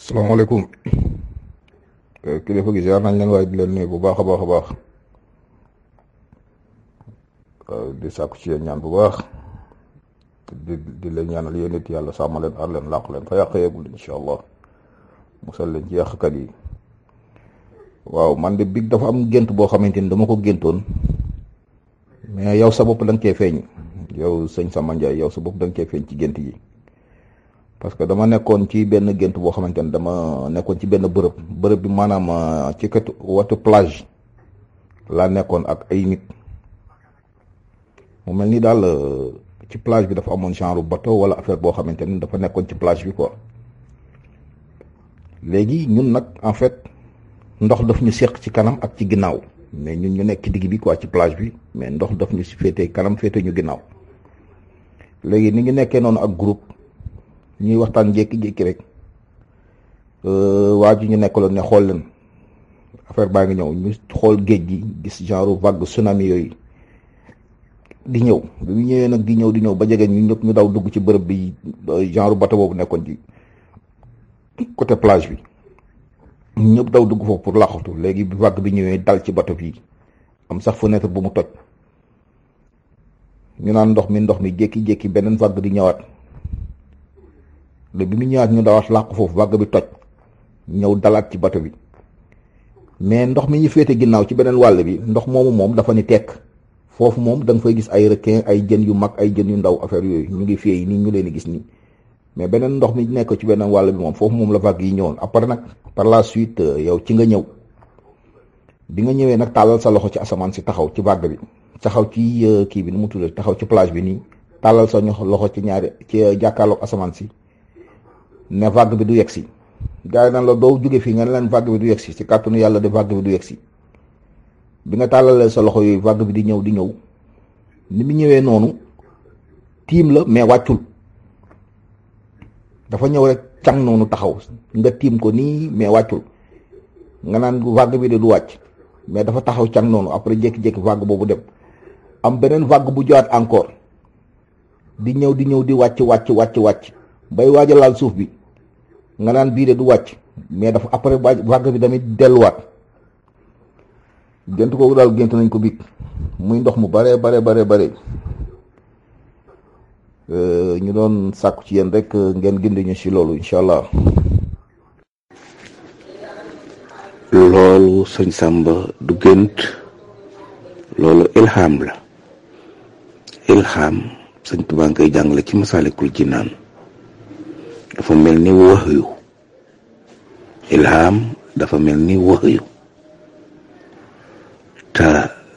assalamualaikum kilifa gi ziar nañ leen waaye di leen nuyu bu baakha baakha baax a baax di sàkku ci ñaan bu baax di di leen ñaanal yéen it yàlla sàmm leen aar leen làq leen fa yaq yeegul inshallah musal len ci yàqkat yi waaw man de big dafa am gentu bo xamanteni dama ko géntoon mais yow sa bop dang nga feñ yow señ Samba Ndiaye yow sa bop dang nga feñ ci gént yi parce que dama nekkoon ci benn gént boo xamante ne dama nekkoon ci benn bërëb bërëb bi maanaam euh, ci kat watu plage la nekkoon ak ay nit mu mel ni daal euh, ci plage bi dafa amoon genre bateau wala affaire boo xamante ne dafa nekkoon ci plage bi quoi léegi ñun nag en fait ndox daf ñu seq ci kanam ak ci ginnaaw mais ñun ñu nekk ci digg bi quoi ci plage bi mais ndox daf ñu si féete kanam fété ñu ginnaaw léegi ni ngi nekkee noonu ak groupe ñuy waxtaan jékki-jékki rek euh, waa ji ñu nekkaloon ne xool leen affaire baa ngi ñëw ñu xool géej gi gis genre vague tsunami yooyu di ñëw bi ñëwee nag di ñëw di ñëw ba jege ñu ñëpp ñu daw dugg ci bërëb bi genre bateau boobu nekkoon ci côté plage bi ñëpp daw dugg foofu pour làqatu léegi bi vague bi ñëwee dal ci bateau bi am sax fenêtre bu mu toj ñu naan ndox mi ndox mi jékki-jékki beneen vague di ñëwaat. léegi bi mu ñëwaat ñu dawaat làqu foofu vague bi toj ñëw dalaat ci bato bi mais ndox mi ñu féete ginnaaw ci beneen wàll bi ndox moomu moom dafa ni tekk foofu moom danga fay gis ay requin ay jën yu mag ay jën yu ndaw affaire yooyu ñu ngi fii nii ñu leen di gis nii mais beneen ndox mi nekk ci beneen wàll bi moom foofu moom la vague yi ñëwoon après nag par la suite euh, yow ci nga ñëw bi nga ñëwee nag tàllal sa loxo ci asamaan si taxaw ci bàgg bi taxaw ci euh, kii bi nu mu taxaw ci plage bi nii tàllal sa loxo ci ñaari ci euh, jàkkaarloog asamaan si ne vague bi du yegsi gaay nan la do jóge fi nga lan vague bi du yegsi ci katunu yalla de vague bi du yegsi bi nga talale sa loxo yooyu vague bi di ñew di ñew ni mi ñewé nonu tim la mais waccul dafa ñew rek cang nonu taxaw nga tim ko ni mais waccul nga naan vague bi de du wacc mais dafa taxaw cang nonu après jek jek vague bobu dem am benen vague bu jott encore di ñew di ñew di wacc wacc wacc wacc bay waajalaal suuf bi nga naan bii de du wàcc mais dafa après vague bi tamit delluwaat gént kooku daal gént nañ ko biig muy ndox mu bare bare bare bare euh, ñu doon sàkku ci yéen rek euh, ngeen gindi ñu ci loolu incha allah loolu sëñ du gént loolu ilham la ilham sëñ tubaa ngay jàngale ci masalikul jinaan dafa mel ni wax yu dafa mel ni wax yu te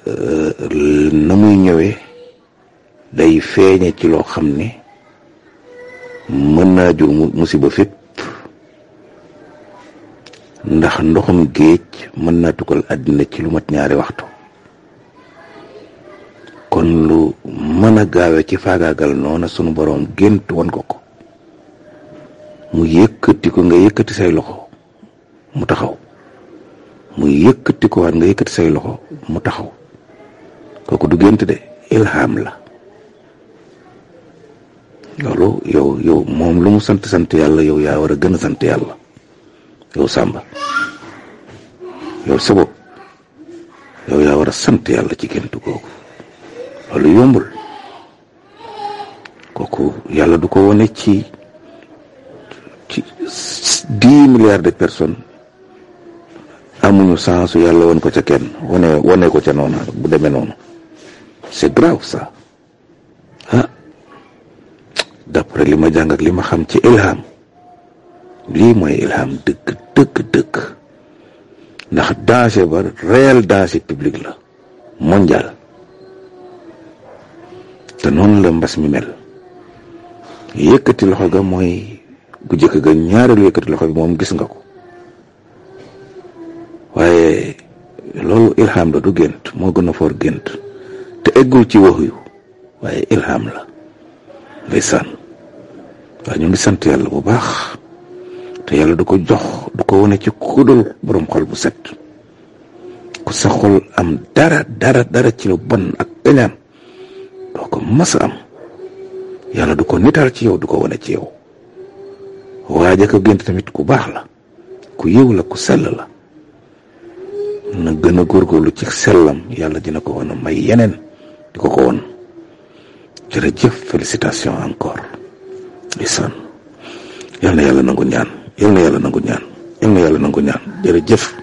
euh, na muy ñëwee day feeñe ci loo xam ne mën naa jur musiba fépp ndax ndoxum géej mën naa tukkal àddina ci lu mat ñaari waxtu kon lu mën a gaawe ci faagaagal noona sunu borom gént won ko ko mu yëkkati ko nga yëkkati say loxo mu taxaw mu yëkkati ko waat nga yëkkati say loxo mu taxaw kooku du gént de ilham la loolu yow yow moom lu mu sant sant yàlla yow yaa war a gën a sant yàlla yow Samba yow sa bopp yow yaa war a sant yàlla ci gént googu loolu yombul kooku yàlla du ko wone ci 10 milliards de personnes amuñu sansu yalla won ko ca kenn woné woné ko ca non bu démé non c'est grave ça ha ah. d'après li ma ak li ma xam ci ilham li moy ilham deug deug deug ndax danger ba réel danger public la mondial te non la mbass mi mel yëkëti loxo ga moy bu jëkk ga ñaaral yëkkati loxo bi moom gis nga ko waaye loolu ilham la du gént moo gën a for gént te eggul ci waxu yu waaye ilham la ndeysaan waaye ñu ngi sant yàlla bu baax te yàlla du ko jox du ko wane ci kudul borom xol bu set ku sa xol am dara dara dara ci lu bon ak kañaan doo ko mas am yàlla du ko nital ci yow du ko wane ci yow waaja ko gént tamit ku baax la ku yiw la ku sell la na gën a góor góorgóorlu ci sellam yàlla dina ko wan a may yeneen di ko ko won jëf félicitation encore isan yal na yàlla nangu ñaan yal na yàlla nangu ñaan yal na yàlla nangu ñaan jërëjëf